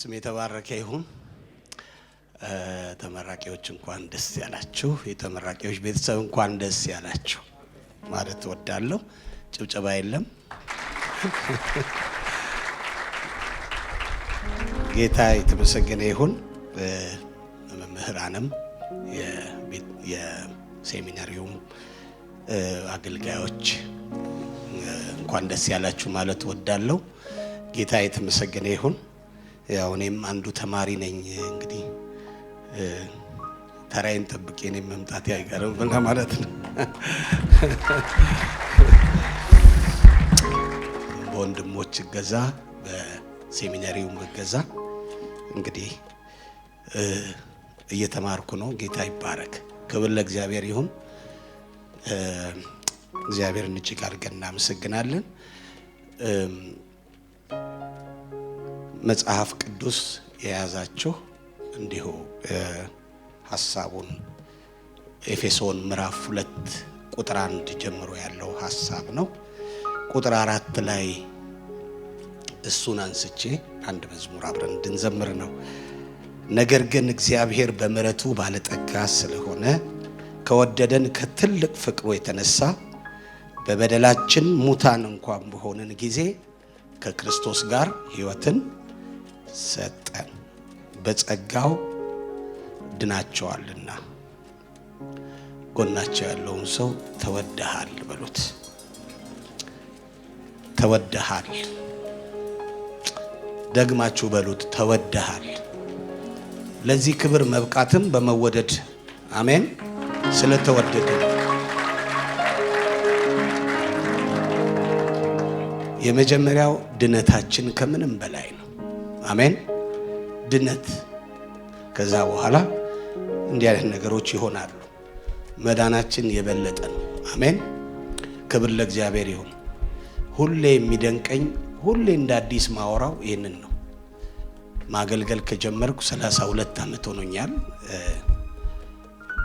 ስም የተባረከ ይሁን። ተመራቂዎች እንኳን ደስ ያላችሁ። የተመራቂዎች ቤተሰብ እንኳን ደስ ያላችሁ ማለት ወዳለሁ። ጭብጨባ የለም። ጌታ የተመሰገነ ይሁን። መምህራንም የሴሚናሪውም አገልጋዮች እንኳን ደስ ያላችሁ ማለት ወዳለሁ። ጌታ የተመሰገነ ይሁን። ያው እኔም አንዱ ተማሪ ነኝ። እንግዲህ ተራይን ጠብቄ እኔም መምጣቴ አይቀርም ማለት ነው። በወንድሞች እገዛ፣ በሴሚናሪውም እገዛ እንግዲህ እየተማርኩ ነው። ጌታ ይባረክ። ክብር ለእግዚአብሔር ይሁን። እግዚአብሔርን እጅግ አድርገን እናመሰግናለን። መጽሐፍ ቅዱስ የያዛችሁ እንዲሁ ሀሳቡን ኤፌሶን ምዕራፍ ሁለት ቁጥር አንድ ጀምሮ ያለው ሀሳብ ነው። ቁጥር አራት ላይ እሱን አንስቼ አንድ መዝሙር አብረን እንድንዘምር ነው። ነገር ግን እግዚአብሔር በምሕረቱ ባለጠጋ ስለሆነ ከወደደን ከትልቅ ፍቅሩ የተነሳ በበደላችን ሙታን እንኳን በሆንን ጊዜ ከክርስቶስ ጋር ሕይወትን ሰጠን በጸጋው ድናቸዋልና ጎናቸው ያለውን ሰው ተወደሃል በሉት። ተወደሃል ደግማችሁ በሉት። ተወደሃል። ለዚህ ክብር መብቃትም በመወደድ አሜን። ስለተወደደ የመጀመሪያው ድነታችን ከምንም በላይ ነው። አሜን። ድነት ከዛ በኋላ እንዲህ አይነት ነገሮች ይሆናሉ። መዳናችን የበለጠ ነው። አሜን። ክብር ለእግዚአብሔር ይሁን። ሁሌ የሚደንቀኝ ሁሌ እንደ አዲስ ማወራው ይህንን ነው። ማገልገል ከጀመርኩ 32 ዓመት ሆኖኛል።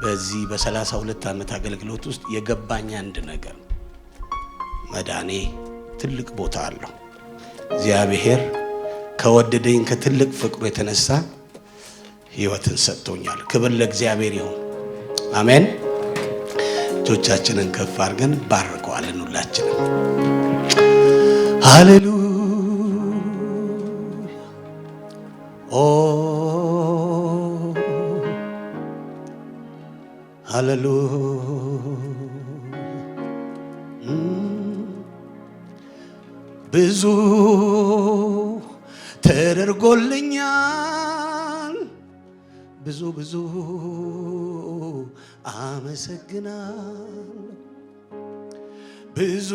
በዚህ በ32 ዓመት አገልግሎት ውስጥ የገባኝ አንድ ነገር መዳኔ ትልቅ ቦታ አለው። እግዚአብሔር ከወደደኝ ከትልቅ ፍቅሩ የተነሳ ህይወትን ሰጥቶኛል። ክብር ለእግዚአብሔር ይሁን። አሜን። እጆቻችንን ከፍ አድርገን ባርከዋለን። ሁላችንም ሃሌሉ ኦ ሃሌሉ ብዙ ተደርጎልኛል ብዙ ብዙ አመሰግናል ብዙ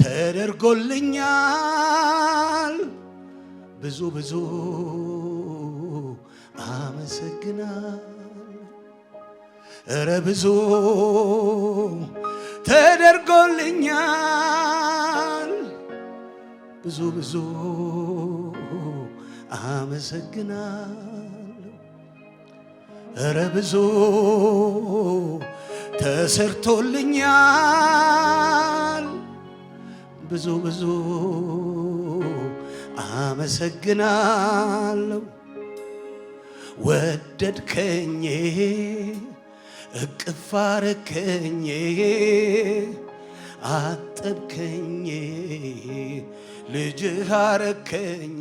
ተደርጎልኛል ብዙ ብዙ አመሰግናል እረ ብዙ ተደርጎልኛል ብዙ ብዙ አመሰግናለሁ። እረ ብዙ ተሰርቶልኛል። ብዙ ብዙ አመሰግናለሁ። ወደድከኝ እቅፍ አጠብከኝ ልጅህ አረከኝ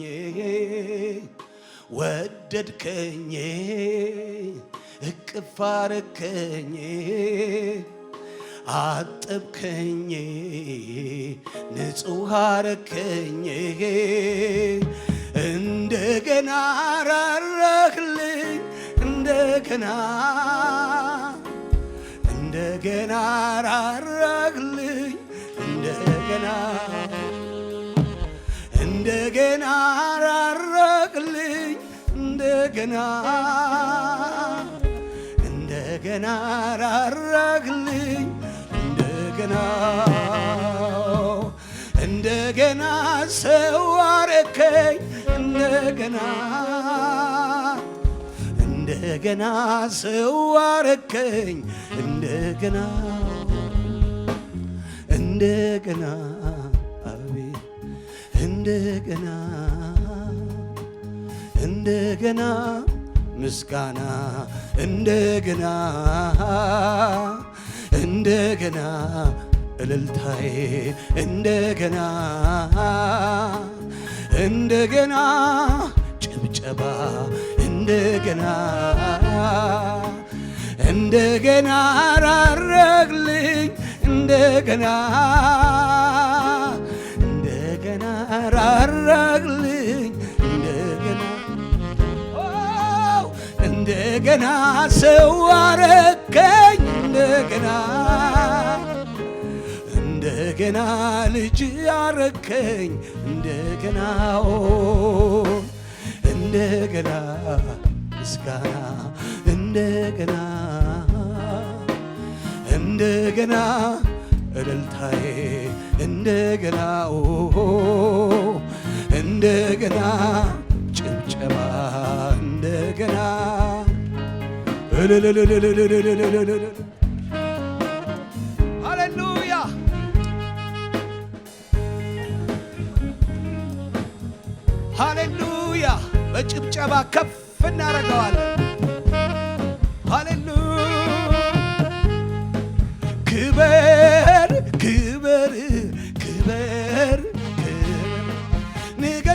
ወደድከኝ እቅፍ አረከኝ አጠብከኝ ንጹህ አረከኝ እንደገና ራራህልኝ እንደገና እንደገና ራራህልኝ እንደገና እንደገና ራራቅልኝ እንደገና እንደገና ራራቅልኝ እንደገና እንደገና ሰው አረከኝ እንደገና እንደገና ሰው አረከኝ እንደገና እንደገና እንደገና እንደገና ምስጋና እንደገና እንደገና እልልታዬ እንደገና እንደገና ጭብጨባ እንደገና እንደገና ራረግልኝ እንደገና መረቅልኝ እንደገና እንደገና ሰው አረከኝ እንደገና እንደገና ልጅ አረከኝ እንደገና እንደገና ምስጋና እንደገና እንደገና እልልታዬ እንደገና እንደገና ጭብጨባ እንደገና ሃሌሉያ ሃሌሉያ በጭብጨባ ከፍ እናደርገዋለን። ሃሌሉያ ክበ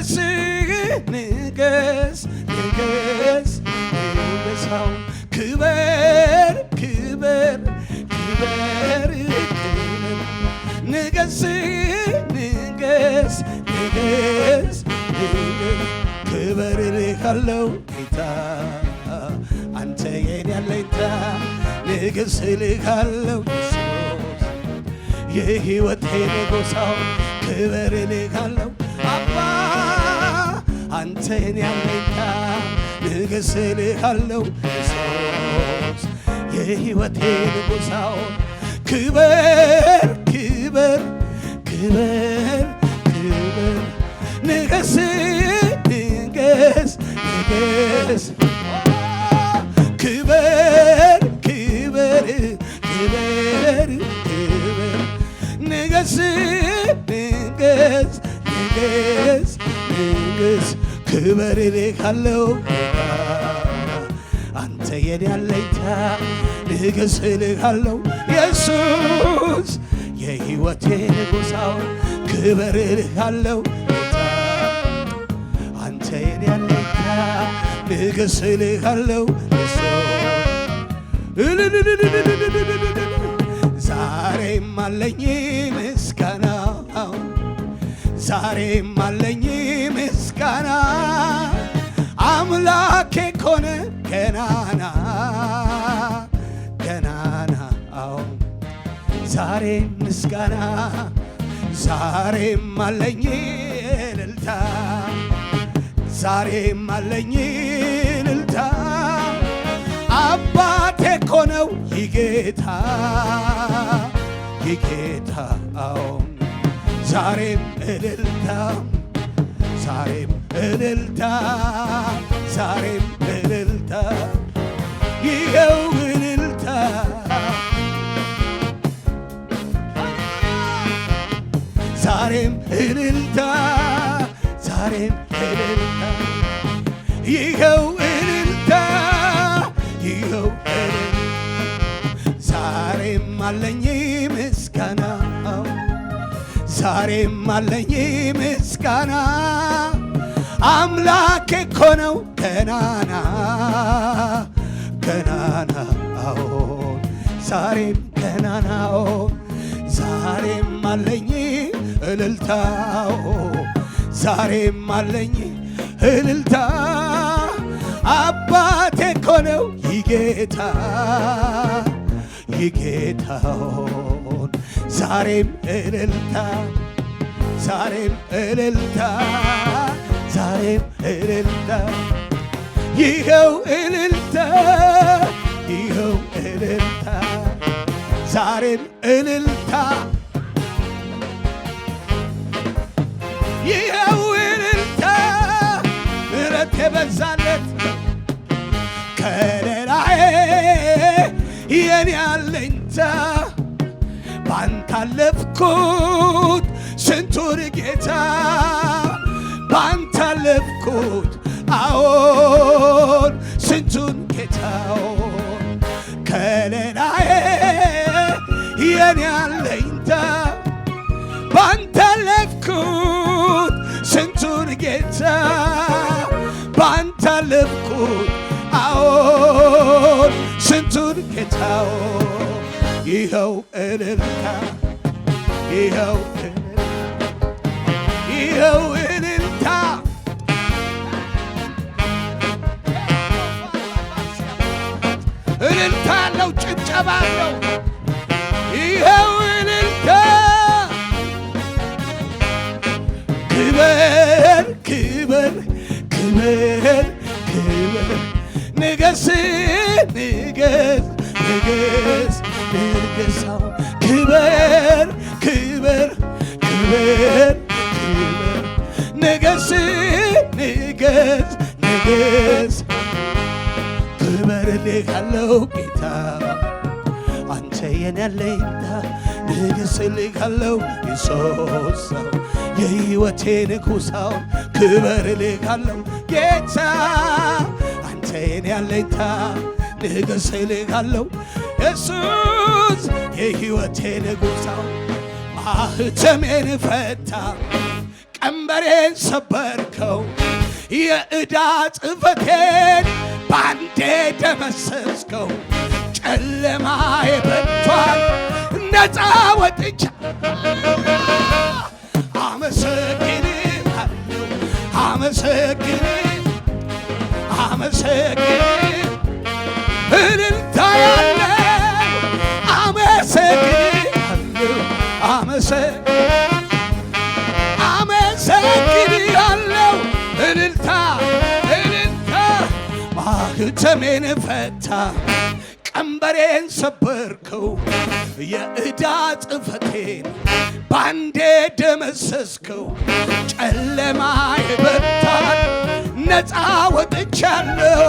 ንገስህ ንገስ ንገስ ንገሳው ክበር ክበር ክበር ክበር ንገስ ንገስ ክበር ልካለው ጌታ አንተ የኔ ያለኝታ ንግስ ልካለው የህይወት ሄደ ጎሳው ክበር ልካለው አንተን ያለኛ ንግሥ ልሃለው ኢየሱስ የህይወቴ ንጉሳው ክበር ክበር ክበር ክበር ንገስ ንገስ ንገስ ክበር ክበር ክበር ክበር ንገስ ንገስ ንገስ ንገስ እመርርህ አለው አንተ የኔ አለኝታ ኢየሱስ ንጉሳው ክበርልህ አለው አንተ የኔ አለኝታ ልገስልህ አለው ዛሬም አለኝ ምስጋና ዛሬም አለኝ ምስጋና አምላኬ ኮነ ገናና ገናና አዎ ዛሬ ምስጋና ዛሬም አለኝ እልልታ ዛሬም አለኝ እልልታ አባቴ ኮነው ይጌታ ይጌታ አዎ ዛሬም እልልታ ዛሬም እልልታ ዛሬም እልልታ ይኸው እልልታ ዛሬም እልልታ ዛሬም እልልታ ይኸው እልልታ ይኸው ዛሬም አለኝ ምስጋና ዛሬም አለኝ እኮ ነው ገናና ገናናውን ዛሬም ገናናውን ዛሬም አለኝ እልልታው ዛሬም አለኝ እልልታ አባቴ እኮ ነው ይጌታ ይጌታውን ዛሬም እልልታ ዛሬም እልልታ ዛሬም እልልታ ይኸው እልልታ ይኸው እልልታ ዛሬም እልልታ ይኸው እልልታ ምረት የበዛለት ከለላዬ የኔ አለኝታ ባንታለፍኩት ስንቱን ጌታ አወቅኩት አዎን ስንቱን ጌታውን ከለላዬ የኔ አለኝታ ባንተ አለፍኩት ስንቱን ጌታ ባንተ አለፍኩት አዎን ስንቱን ጌታውን ይኸው እልልታ ይኸው እልልታ እልልታ አለው፣ ጭብጨባ አለው። ይኸው እልልታ ክበር ክበር ክበር ክበር ንገስ ንገስ ንገስ ንገሳው ክበር ክበር ክበር ንገስ ንገስ ንገስ ልበልልህ አለው ጌታ አንተ የኔ አለኝታ ልግስልህ አለው ኢየሱስ የህይወቴ ንጉሳው ክበርልህ አለው ጌታ አንተ የኔ አለኝታ ልግስልህ አለው ኢየሱስ የህይወቴ ንጉሳው ማህተሜን ፈታ ቀንበሬን ሰበርከው የዕዳ ጽሕፈቴን ባንዴ ደመሰስከው። ጨለማዬ በርቷል፣ ነፃ ወጥቻ አመሰግን አመሰግን አመሰግን እልልታ ያለ አመሰግን ሸክሜን ፈታ ቀንበሬን ሰበርከው የእዳ ጽፈቴን ባንዴ ደመሰስከው ጨለማ የበታል ነፃ ወጥቻለሁ።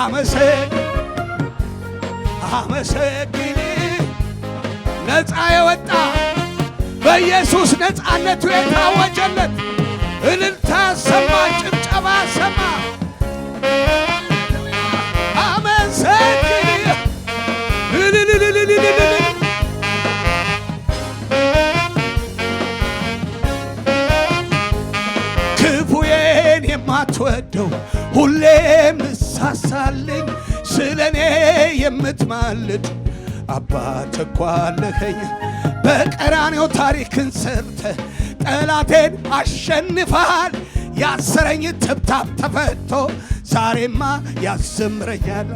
አመሰግ አመሰግን ነፃ የወጣ በኢየሱስ ነፃነቱ የታወጀለት እልልታ ሰማ፣ ጭብጨባ ሰማ። የምወደው ሁሌም ምሳሳልኝ ስለኔ የምትማልድ አባት እኮ በቀራኔው ታሪክን ሰርተ ጠላቴን አሸንፈሃል። ያሰረኝ ትብታብ ተፈቶ ዛሬማ ያዘምረኛል፣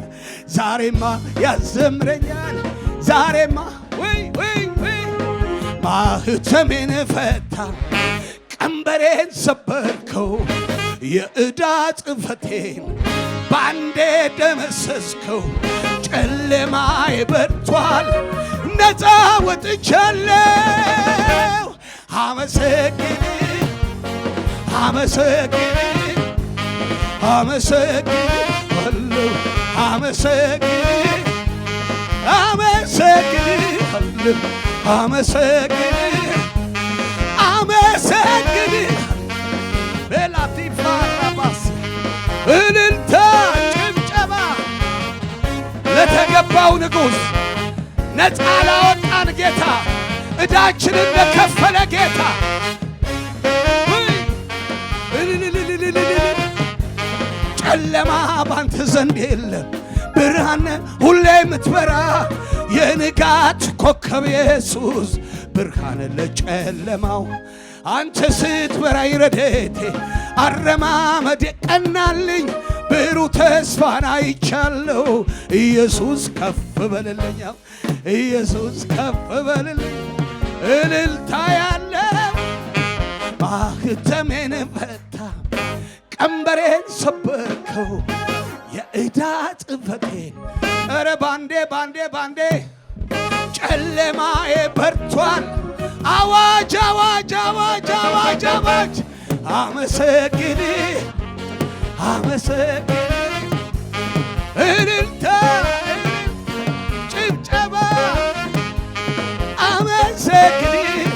ዛሬማ ያዘምረኛል፣ ዛሬማ ወይ ወይ ወይ ማህተሜን ፈታ ቀንበሬን ሰበርከው የዕዳ ጽፈቴን ባንዴ ደመሰስከው። ጨለማዬ በርቷል፣ ነፃ ወጥቻለሁ። አመሰግን አመሰግን አመሰግን አመሰግንሃለሁ አመሰግን አመሰግን አመሰግንሃለሁ አመሰግን አመሰግን ሜላቲፋ ራባስ እልልታ ጭብጨባ ለተገባው ንጉሥ ነፃ ላወጣን ጌታ እዳችንን ለከፈለ ጌታ ጨለማ ባንተ ዘንድ የለም፣ ብርሃን ሁሌ የምትበራ የንጋት ኮከብ ኢየሱስ ብርሃን ለጨለማው አንተ ስትመራኝ ረድኤቴ አረማመዴ ቀናልኝ ብሩህ ተስፋን አይቻለሁ። ኢየሱስ ከፍ በልልኛ፣ ኢየሱስ ከፍ በልልኝ። እልልታ ያለ ማህተሜን ፈታ፣ ቀንበሬን ሰበርከው፣ የእዳ ጽሕፈቴን ኧረ ባንዴ ባንዴ ባንዴ ጨለማዬ በርቷል አዋጅ አዋጅ አዋጅ አዋጅ አዋጅ አመሰግን አመሰግን እልልታ ጭብጨባ አመሰግን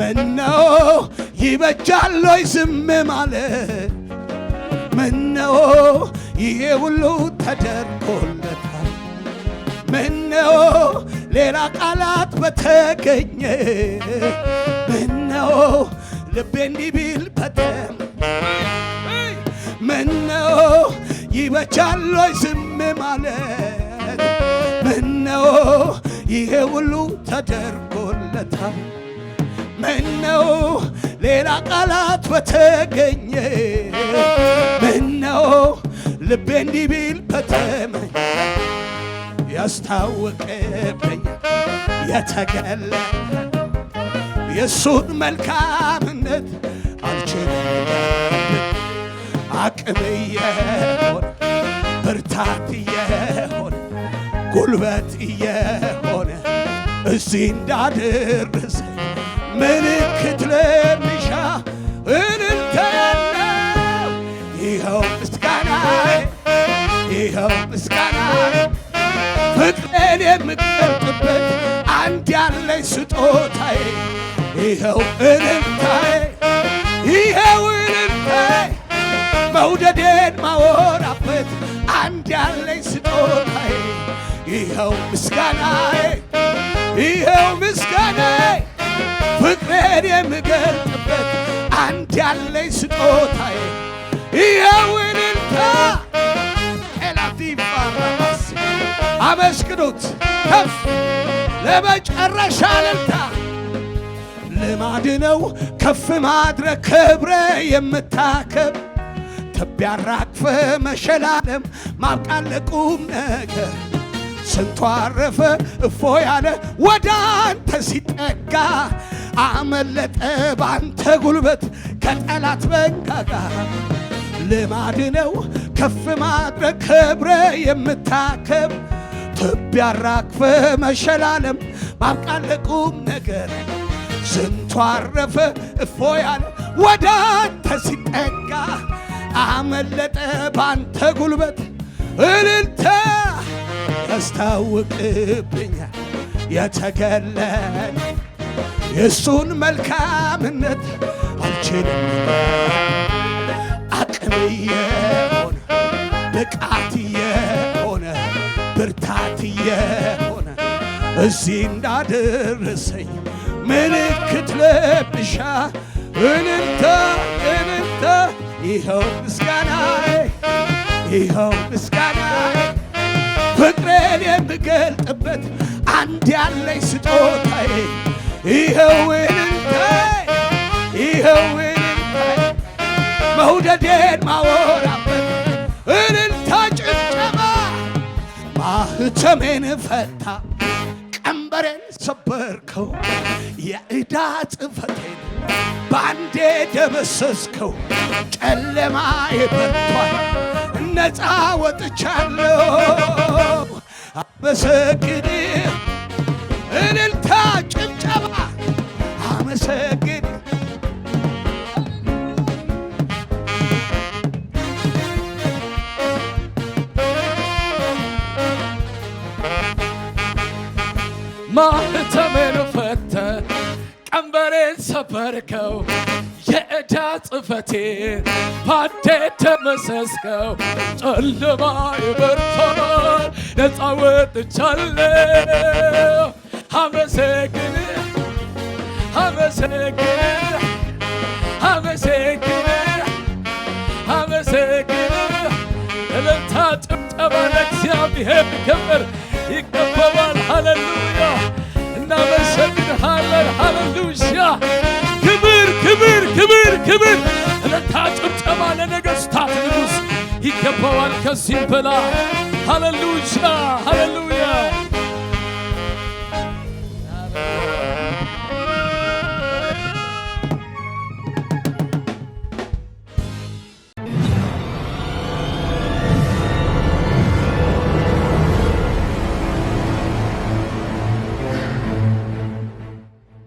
ምነው ይበጃለይ ዝም ማለት ምነው ይሄ ሁሉ ተደርጎለታል ነው ሌላ ቃላት በተገኘ ምነው ልቤ እንዲህ ቢል በተ ምነው ይበቻል ወይ ዝም ማለት ምነው ይሄ ሁሉ ተደርጎለታል ምነው ሌላ ቃላት በተገኘ ምነው ልቤ እንዲህ ቢል በተመኝ ያስታወቅብኝ የተገለ የእሱን መልካምነት አልችልም አቅም እየሆን ብርታት እየሆን ጉልበት እየሆነ እዚህ እንዳደረሰ ምልክት የምቀርብበት አንድ ያለኝ ስጦታዬ ይኸው እልልታዬ ይኸው እልልታዬ መውደዴን ማወራበት አንድ ያለኝ ስጦታዬ ይኸው ምስጋናዬ ይኸው ምስጋናዬ ፍቅሬን የምገልጥበት አንድ ያለኝ ስጦታዬ ይኸው እልልታ አመስግኑት ከፍ ለመጨረሻ እልልታ ልማድ ነው ከፍ ማድረግ ክብረ የምታከብ ትቢያ መሸላለም ማብቃለቁም ነገር ስንቱ አረፈ እፎ ያለ ወደ አንተ ሲጠጋ አመለጠ ባንተ ጉልበት ከጠላት መንጋጋ ልማድ ነው ከፍ ማድረግ ክብረ የምታከብ ትቢያ መሸላለም ባብቃን ነገር ስንቱ አረፈ እፎ ያለ ወደ አንተ ሲጠጋ አመለጠ ባንተ ጉልበት እልልታ ያስታውቅብኛል የተገለ የእሱን መልካምነት አልችልም አቅምየ እዚህ እንዳደረሰኝ ምልክት ለብሻ እንንተ እንንተ ይኸው ምስጋናዬ ይኸው ምስጋናዬ ፍቅሬን የምገልጥበት አንድ ያለኝ ስጦታዬ ይኸው እንንተ ይኸው እንንተ መውደዴን ማወራበት እንንተ ጭብጨባ ማህተሜን ፈታ ቀንበሬን ሰበርከው፣ የእዳ ጽሕፈቴን ባንዴ ደመሰስከው። ጨለማ የበቷል ነፃ ወጥቻለሁ። አመሰግን እልልታ ጭብጨባ አመሰግ መክፈቴ ባንተ የተመሰስከው ጨለማ ይበርቷል፣ ነፃ ወጥቻለሁ። አመሰግን አመሰግን አመሰግን አመሰግን እልልታ ጭብጨባ ለእግዚአብሔር ክብር ይገባዋል። ሃሌሉያ እናመሰግንሃለን። ሃሌሉያ ክብር ክብር ክብር ክብር እልልታ፣ ጭብጨባ ለነገሥታት ንጉሥ ይገባዋል ከዚህም በላይ ሃሌሉያ ሃሌሉያ